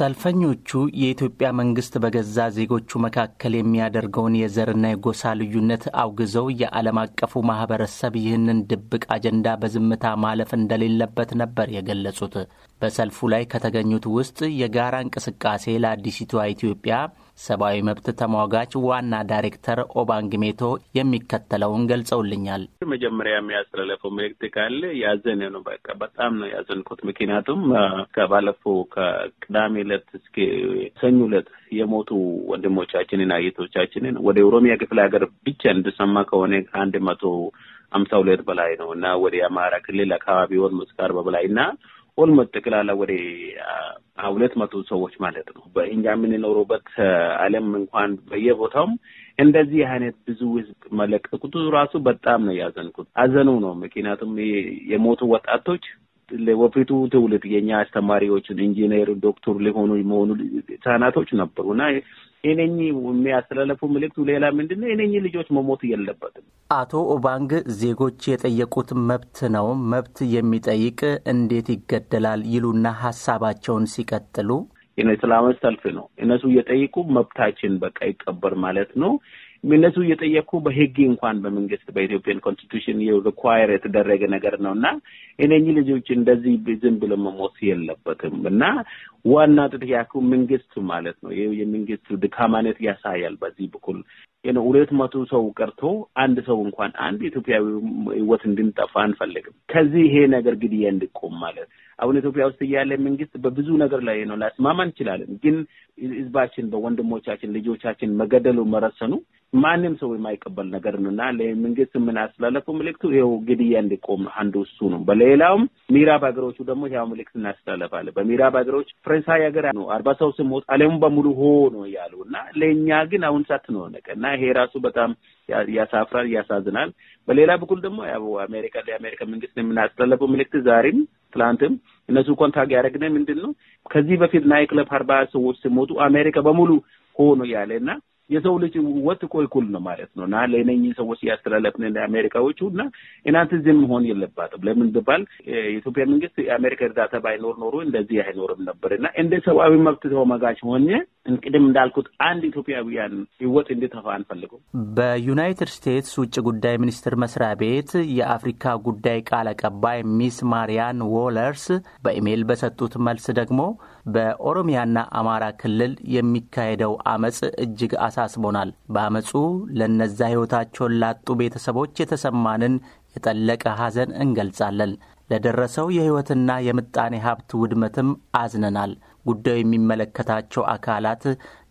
ሰልፈኞቹ የኢትዮጵያ መንግስት በገዛ ዜጎቹ መካከል የሚያደርገውን የዘርና የጎሳ ልዩነት አውግዘው የዓለም አቀፉ ማህበረሰብ ይህንን ድብቅ አጀንዳ በዝምታ ማለፍ እንደሌለበት ነበር የገለጹት። በሰልፉ ላይ ከተገኙት ውስጥ የጋራ እንቅስቃሴ ለአዲሲቷ ኢትዮጵያ ሰብአዊ መብት ተሟጋች ዋና ዳይሬክተር ኦባንግ ሜቶ የሚከተለውን ገልጸውልኛል። መጀመሪያ የሚያስተላለፈው መልእክት ካለ ያዘን ነው። በቃ በጣም ነው ያዘንኩት። ምክንያቱም ከባለፈው ከቅዳሜ ዕለት እስከ ሰኞ ዕለት የሞቱ ወንድሞቻችንን አየቶቻችንን ወደ ኦሮሚያ ክፍለ ሀገር ብቻ እንድሰማ ከሆነ ከአንድ መቶ አምሳ ሁለት በላይ ነው እና ወደ አማራ ክልል አካባቢ ኦልሞስት ከአርባ በላይ እና ኦልሞስት ጠቅላላ ወደ ሁለት መቶ ሰዎች ማለት ነው። በእኛ የምንኖሩበት ዓለም እንኳን በየቦታውም እንደዚህ አይነት ብዙ ህዝብ መለቀቁቱ ራሱ በጣም ነው ያዘንኩት። አዘኑ ነው ምክንያቱም የሞቱ ወጣቶች ለወፊቱ ትውልድ የኛ አስተማሪዎችን ኢንጂነር፣ ዶክተር ሊሆኑ መሆኑ ህጻናቶች ነበሩ እና የነኚ የሚያስተላለፉ ምልክቱ ሌላ ምንድን ነው? የነኚ ልጆች መሞት የለበትም። አቶ ኦባንግ ዜጎች የጠየቁት መብት ነው፣ መብት የሚጠይቅ እንዴት ይገደላል ይሉና ሀሳባቸውን ሲቀጥሉ የእስላማዊ ሰልፍ ነው እነሱ እየጠይቁ መብታችን በቃ ይቀበር ማለት ነው እነሱ እየጠየኩ በህግ እንኳን በመንግስት በኢትዮጵያን ኮንስቲቱሽን ሪኳየር የተደረገ ነገር ነው እና እነኚህ ልጆች እንደዚህ ዝም ብሎ መሞት የለበትም እና ዋና ጥያቄው መንግስቱ ማለት ነው። የመንግስቱ ድካማነት ያሳያል። በዚህ በኩል ሁለት መቶ ሰው ቀርቶ አንድ ሰው እንኳን አንድ ኢትዮጵያዊ ህይወት እንድንጠፋ አንፈልግም። ከዚህ ይሄ ነገር ግድያ እንድቆም ማለት አሁን ኢትዮጵያ ውስጥ እያለ መንግስት በብዙ ነገር ላይ ነው ላስማማ እንችላለን፣ ግን ህዝባችን በወንድሞቻችን ልጆቻችን መገደሉ መረሰኑ ማንም ሰው የማይቀበል ነገር ነው እና ለመንግስት የምናስተላለፈው ምልክቱ ይኸው ግድያ እንዲቆም አንዱ እሱ ነው። በሌላውም ምዕራብ ሀገሮቹ ደግሞ ያው ምልክት እናስተላለፋለን። በምዕራብ ሀገሮች ፈረንሳይ ሀገር ነው አርባ ሰው ስሞት አለሙ በሙሉ ሆ ነው ያሉ እና ለእኛ ግን አሁን ሰት ነው ነቀ እና ይሄ ራሱ በጣም ያሳፍራል፣ ያሳዝናል። በሌላ በኩል ደግሞ ያው አሜሪካ ለአሜሪካ መንግስት የምናስተላለፈው ምልክት ዛሬም ትላንትም እነሱ ኮንታክት ታግ ያደረግነ ምንድን ነው ከዚህ በፊት ናይ ክለብ አርባ ሰዎች ሲሞቱ አሜሪካ በሙሉ ሆ ነው ያለ እና የሰው ልጅ ወጥ እኮ እኩል ነው ማለት ነው እና ለእነኚህ ሰዎች እያስተላለፍን አሜሪካዎቹ እና እናንተ ዝም መሆን የለባትም። ለምን ብባል የኢትዮጵያ መንግስት የአሜሪካ እርዳታ ባይኖር ኖሮ እንደዚህ አይኖርም ነበር እና እንደ ሰብአዊ መብት ተሟጋች ሆኜ እንቅድም እንዳልኩት አንድ ኢትዮጵያውያን ሕይወት እንዲጠፋ አንፈልገው። በዩናይትድ ስቴትስ ውጭ ጉዳይ ሚኒስትር መስሪያ ቤት የአፍሪካ ጉዳይ ቃል አቀባይ ሚስ ማሪያን ዎለርስ በኢሜይል በሰጡት መልስ ደግሞ በኦሮሚያና አማራ ክልል የሚካሄደው አመፅ እጅግ አሳስቦናል። በአመፁ ለነዛ ህይወታቸውን ላጡ ቤተሰቦች የተሰማንን የጠለቀ ሐዘን እንገልጻለን። ለደረሰው የህይወትና የምጣኔ ሀብት ውድመትም አዝነናል። ጉዳዩ የሚመለከታቸው አካላት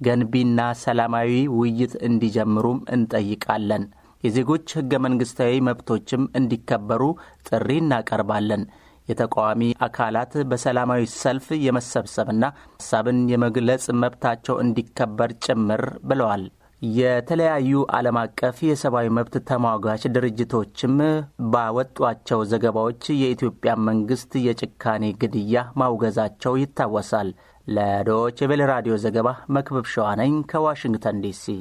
ገንቢና ሰላማዊ ውይይት እንዲጀምሩም እንጠይቃለን። የዜጎች ህገ መንግስታዊ መብቶችም እንዲከበሩ ጥሪ እናቀርባለን። የተቃዋሚ አካላት በሰላማዊ ሰልፍ የመሰብሰብና ሀሳብን የመግለጽ መብታቸው እንዲከበር ጭምር ብለዋል። የተለያዩ ዓለም አቀፍ የሰብአዊ መብት ተሟጋች ድርጅቶችም ባወጧቸው ዘገባዎች የኢትዮጵያ መንግስት የጭካኔ ግድያ ማውገዛቸው ይታወሳል። ለዶች ቬለ ራዲዮ ዘገባ መክብብ ሸዋነኝ ከዋሽንግተን ዲሲ